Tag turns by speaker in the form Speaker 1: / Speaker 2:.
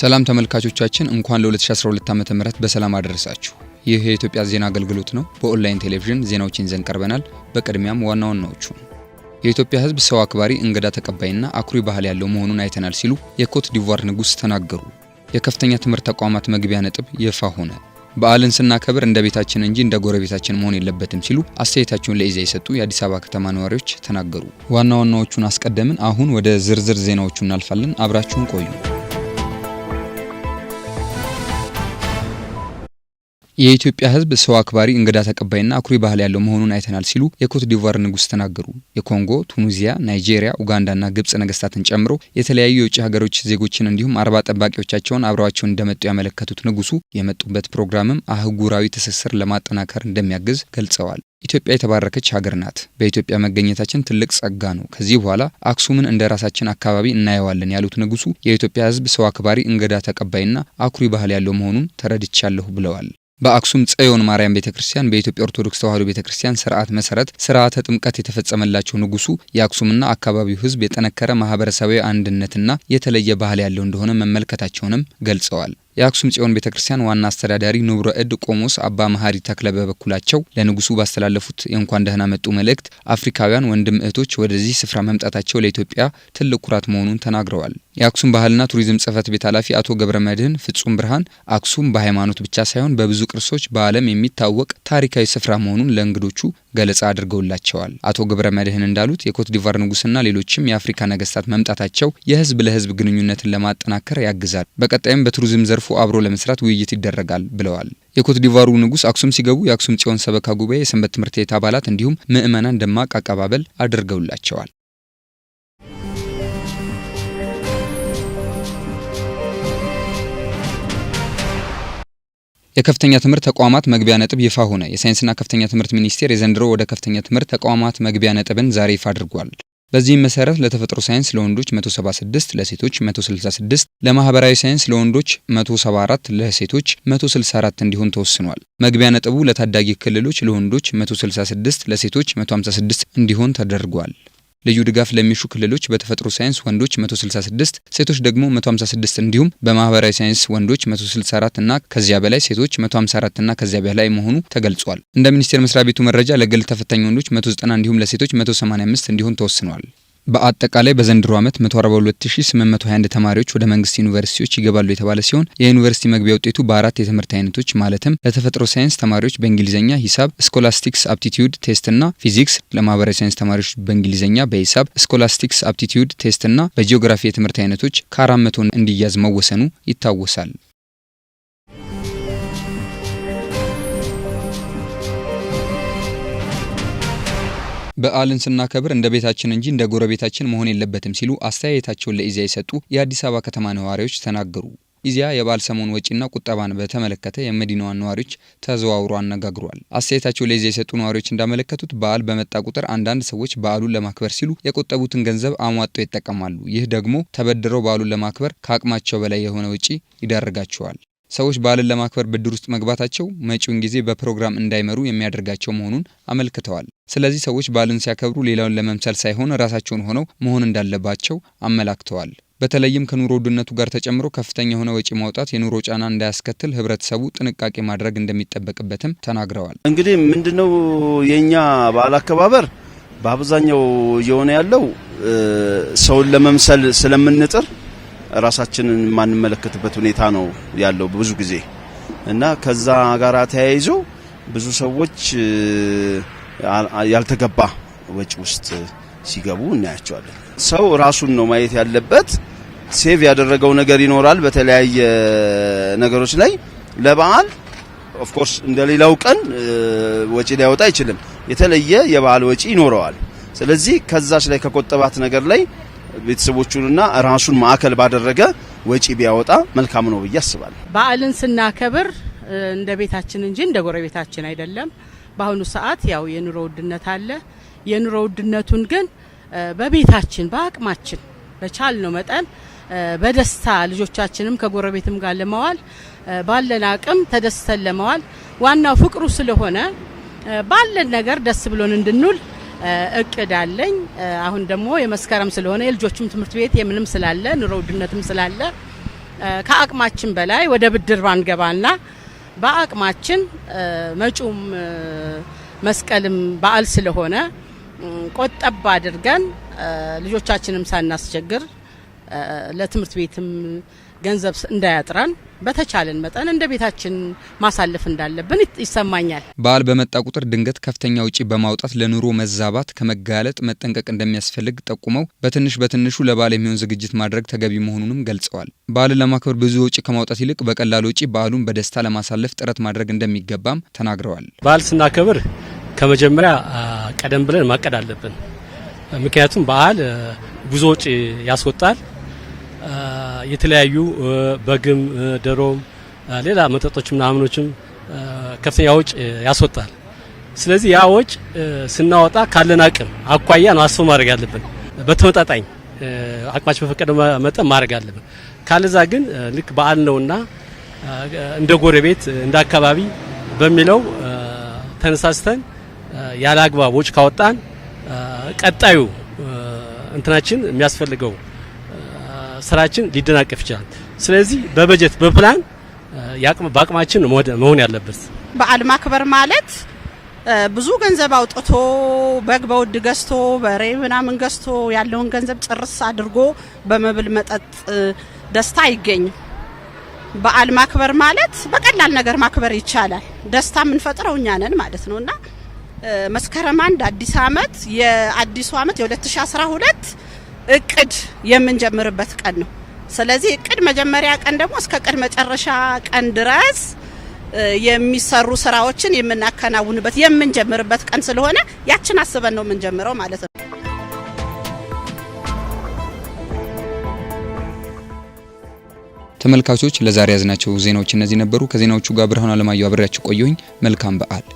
Speaker 1: ሰላም ተመልካቾቻችን እንኳን ለ2012 ዓ ም በሰላም አደረሳችሁ። ይህ የኢትዮጵያ ዜና አገልግሎት ነው። በኦንላይን ቴሌቪዥን ዜናዎችን ይዘን ቀርበናል። በቅድሚያም ዋና ዋናዎቹ የኢትዮጵያ ሕዝብ ሰው አክባሪ፣ እንግዳ ተቀባይና አኩሪ ባህል ያለው መሆኑን አይተናል ሲሉ የኮት ዲቯር ንጉሥ ተናገሩ። የከፍተኛ ትምህርት ተቋማት መግቢያ ነጥብ ይፋ ሆነ። በዓልን ስናከብር እንደ ቤታችን እንጂ እንደ ጎረቤታችን መሆን የለበትም ሲሉ አስተያየታቸውን ለኢዜአ የሰጡ የአዲስ አበባ ከተማ ነዋሪዎች ተናገሩ። ዋና ዋናዎቹን አስቀደምን። አሁን ወደ ዝርዝር ዜናዎቹ እናልፋለን። አብራችሁን ቆዩ። የኢትዮጵያ ሕዝብ ሰው አክባሪ፣ እንግዳ ተቀባይና አኩሪ ባህል ያለው መሆኑን አይተናል ሲሉ የኮት ዲቫር ንጉሥ ተናገሩ። የኮንጎ፣ ቱኒዚያ፣ ናይጄሪያ፣ ኡጋንዳና ግብጽ ነገስታትን ጨምሮ የተለያዩ የውጭ ሀገሮች ዜጎችን እንዲሁም አርባ ጠባቂዎቻቸውን አብረዋቸውን እንደመጡ ያመለከቱት ንጉሱ የመጡበት ፕሮግራምም አህጉራዊ ትስስር ለማጠናከር እንደሚያግዝ ገልጸዋል። ኢትዮጵያ የተባረከች ሀገር ናት። በኢትዮጵያ መገኘታችን ትልቅ ጸጋ ነው። ከዚህ በኋላ አክሱምን እንደ ራሳችን አካባቢ እናየዋለን ያሉት ንጉሱ የኢትዮጵያ ሕዝብ ሰው አክባሪ፣ እንግዳ ተቀባይና አኩሪ ባህል ያለው መሆኑን ተረድቻለሁ ብለዋል። በአክሱም ጽዮን ማርያም ቤተ ክርስቲያን በኢትዮጵያ ኦርቶዶክስ ተዋሕዶ ቤተ ክርስቲያን ስርዓት መሰረት ስርዓተ ጥምቀት የተፈጸመላቸው ንጉሱ የአክሱምና አካባቢው ሕዝብ የጠነከረ ማህበረሰባዊ አንድነትና የተለየ ባህል ያለው እንደሆነ መመልከታቸውንም ገልጸዋል። የአክሱም ጽዮን ቤተ ክርስቲያን ዋና አስተዳዳሪ ንቡረ እድ ቆሞስ አባ መሀሪ ተክለ በበኩላቸው ለንጉሱ ባስተላለፉት የእንኳን ደህና መጡ መልእክት አፍሪካውያን ወንድም እህቶች ወደዚህ ስፍራ መምጣታቸው ለኢትዮጵያ ትልቅ ኩራት መሆኑን ተናግረዋል። የአክሱም ባህልና ቱሪዝም ጽህፈት ቤት ኃላፊ አቶ ገብረ መድህን ፍጹም ብርሃን አክሱም በሃይማኖት ብቻ ሳይሆን በብዙ ቅርሶች በዓለም የሚታወቅ ታሪካዊ ስፍራ መሆኑን ለእንግዶቹ ገለጻ አድርገውላቸዋል። አቶ ገብረ መድህን እንዳሉት የኮትዲቫር ንጉስና ሌሎችም የአፍሪካ ነገስታት መምጣታቸው የህዝብ ለህዝብ ግንኙነትን ለማጠናከር ያግዛል። በቀጣይም በቱሪዝም ዘርፍ አልፎ አብሮ ለመስራት ውይይት ይደረጋል ብለዋል። የኮት ዲቫሩ ንጉስ አክሱም ሲገቡ የአክሱም ጽዮን ሰበካ ጉባኤ የሰንበት ትምህርት ቤት አባላት እንዲሁም ምዕመናን ደማቅ አቀባበል አድርገውላቸዋል። የከፍተኛ ትምህርት ተቋማት መግቢያ ነጥብ ይፋ ሆነ። የሳይንስና ከፍተኛ ትምህርት ሚኒስቴር የዘንድሮ ወደ ከፍተኛ ትምህርት ተቋማት መግቢያ ነጥብን ዛሬ ይፋ አድርጓል። በዚህም መሰረት ለተፈጥሮ ሳይንስ ለወንዶች 176፣ ለሴቶች 166፣ ለማህበራዊ ሳይንስ ለወንዶች 174፣ ለሴቶች 164 እንዲሆን ተወስኗል። መግቢያ ነጥቡ ለታዳጊ ክልሎች ለወንዶች 166፣ ለሴቶች 156 እንዲሆን ተደርጓል። ልዩ ድጋፍ ለሚሹ ክልሎች በተፈጥሮ ሳይንስ ወንዶች 166 ሴቶች ደግሞ 156 እንዲሁም በማህበራዊ ሳይንስ ወንዶች 164 እና ከዚያ በላይ ሴቶች 154 እና ከዚያ በላይ መሆኑ ተገልጿል። እንደ ሚኒስቴር መስሪያ ቤቱ መረጃ ለግል ተፈታኝ ወንዶች 190 እንዲሁም ለሴቶች 185 እንዲሆን ተወስኗል። በአጠቃላይ በዘንድሮ ዓመት 142821 ተማሪዎች ወደ መንግስት ዩኒቨርሲቲዎች ይገባሉ የተባለ ሲሆን የዩኒቨርሲቲ መግቢያ ውጤቱ በአራት የትምህርት አይነቶች ማለትም ለተፈጥሮ ሳይንስ ተማሪዎች በእንግሊዝኛ፣ ሂሳብ፣ ስኮላስቲክስ አፕቲቲዩድ ቴስት እና ፊዚክስ፣ ለማህበራዊ ሳይንስ ተማሪዎች በእንግሊዝኛ፣ በሂሳብ፣ ስኮላስቲክስ አፕቲቲዩድ ቴስት እና በጂኦግራፊ የትምህርት አይነቶች ከአራት መቶ እንዲያዝ መወሰኑ ይታወሳል። በዓልን ስናከብር እንደ ቤታችን እንጂ እንደ ጎረቤታችን መሆን የለበትም ሲሉ አስተያየታቸውን ለኢዜአ የሰጡ የአዲስ አበባ ከተማ ነዋሪዎች ተናገሩ። ኢዜአ የበዓል ሰሞን ወጪና ቁጠባን በተመለከተ የመዲናዋን ነዋሪዎች ተዘዋውሮ አነጋግሯል። አስተያየታቸው ለኢዜአ የሰጡ ነዋሪዎች እንዳመለከቱት በዓል በመጣ ቁጥር አንዳንድ ሰዎች በዓሉን ለማክበር ሲሉ የቆጠቡትን ገንዘብ አሟጠው ይጠቀማሉ። ይህ ደግሞ ተበድረው በዓሉን ለማክበር ከአቅማቸው በላይ የሆነ ወጪ ይዳርጋቸዋል። ሰዎች በዓልን ለማክበር ብድር ውስጥ መግባታቸው መጪውን ጊዜ በፕሮግራም እንዳይመሩ የሚያደርጋቸው መሆኑን አመልክተዋል። ስለዚህ ሰዎች በዓልን ሲያከብሩ ሌላውን ለመምሰል ሳይሆን ራሳቸውን ሆነው መሆን እንዳለባቸው አመላክተዋል። በተለይም ከኑሮ ውድነቱ ጋር ተጨምሮ ከፍተኛ የሆነ ወጪ ማውጣት የኑሮ ጫና እንዳያስከትል ህብረተሰቡ ጥንቃቄ ማድረግ እንደሚጠበቅበትም ተናግረዋል።
Speaker 2: እንግዲህ ምንድነው የእኛ በዓል አከባበር በአብዛኛው እየሆነ ያለው ሰውን ለመምሰል ስለምንጥር ራሳችንን የማንመለከትበት ሁኔታ ነው ያለው ብዙ ጊዜ እና ከዛ ጋር ተያይዞ ብዙ ሰዎች ያልተገባ ወጪ ውስጥ ሲገቡ እናያቸዋለን። ሰው ራሱን ነው ማየት ያለበት። ሴቭ ያደረገው ነገር ይኖራል በተለያየ ነገሮች ላይ ለበዓል ኦፍኮርስ እንደሌላው ቀን ወጪ ሊያወጣ አይችልም። የተለየ የበዓል ወጪ ይኖረዋል። ስለዚህ ከዛች ላይ ከቆጠባት ነገር ላይ ቤተሰቦቹንና ራሱን ማዕከል ባደረገ ወጪ ቢያወጣ መልካም ነው ብዬ አስባለሁ።
Speaker 3: በዓልን ስናከብር እንደ ቤታችን እንጂ እንደ ጎረቤታችን አይደለም። በአሁኑ ሰዓት ያው የኑሮ ውድነት አለ። የኑሮ ውድነቱን ግን በቤታችን በአቅማችን በቻልነው መጠን በደስታ ልጆቻችንም ከጎረቤትም ጋር ለመዋል ባለን አቅም ተደስተን ለመዋል ዋናው ፍቅሩ ስለሆነ ባለን ነገር ደስ ብሎን እንድንውል እቅድ አለኝ። አሁን ደግሞ የመስከረም ስለሆነ የልጆችም ትምህርት ቤት የምንም ስላለ ኑሮ ውድነትም ስላለ ከአቅማችን በላይ ወደ ብድር ባንገባና በአቅማችን መጪውም መስቀልም በዓል ስለሆነ ቆጠብ አድርገን ልጆቻችንም ሳናስቸግር ለትምህርት ቤትም ገንዘብ እንዳያጥረን በተቻለን መጠን እንደ ቤታችን ማሳለፍ እንዳለብን ይሰማኛል።
Speaker 1: በዓል በመጣ ቁጥር ድንገት ከፍተኛ ውጪ በማውጣት ለኑሮ መዛባት ከመጋለጥ መጠንቀቅ እንደሚያስፈልግ ጠቁመው በትንሽ በትንሹ ለበዓል የሚሆን ዝግጅት ማድረግ ተገቢ መሆኑንም ገልጸዋል። በዓልን ለማክበር ብዙ ውጪ ከማውጣት ይልቅ በቀላል ውጪ በዓሉን በደስታ ለማሳለፍ ጥረት ማድረግ እንደሚገባም ተናግረዋል።
Speaker 4: በዓል ስናከብር ከመጀመሪያ ቀደም ብለን ማቀድ አለብን። ምክንያቱም በዓል ብዙ ውጪ ያስወጣል። የተለያዩ በግም ደሮም ሌላ መጠጦች ምናምኖችም ከፍተኛ ወጭ ያስወጣል። ስለዚህ ያ ወጭ ስናወጣ ካለን አቅም አኳያ ነው አስፎ ማድረግ ያለብን። በተመጣጣኝ አቅማችን በፈቀደ መጠን ማድረግ አለብን። ካለዛ ግን ልክ በዓል ነውና እንደ ጎረቤት እንደ አካባቢ በሚለው ተነሳስተን ያለ አግባብ ወጭ ካወጣን ቀጣዩ እንትናችን የሚያስፈልገው ስራችን ሊደናቀፍ ይችላል። ስለዚህ በበጀት በፕላን በአቅማችን መሆን ያለበት
Speaker 3: በዓል ማክበር ማለት ብዙ ገንዘብ አውጥቶ በግ በውድ ገዝቶ በሬ ምናምን ገዝቶ ያለውን ገንዘብ ጭርስ አድርጎ በመብል መጠጥ ደስታ አይገኝም። በዓል ማክበር ማለት በቀላል ነገር ማክበር ይቻላል። ደስታ የምንፈጥረው እኛ ነን ማለት ነው እና መስከረም አንድ አዲስ አመት የአዲሱ አመት የ2012 እቅድ የምንጀምርበት ቀን ነው። ስለዚህ እቅድ መጀመሪያ ቀን ደግሞ እስከ ቅድ መጨረሻ ቀን ድረስ የሚሰሩ ስራዎችን የምናከናውንበት የምንጀምርበት ቀን ስለሆነ ያችን አስበን ነው የምንጀምረው ማለት ነው።
Speaker 1: ተመልካቾች ለዛሬ ያዝናቸው ዜናዎች እነዚህ ነበሩ። ከዜናዎቹ ጋር ብርሃኑ አለማየሁ አብሬያችሁ ቆየሁኝ። መልካም በዓል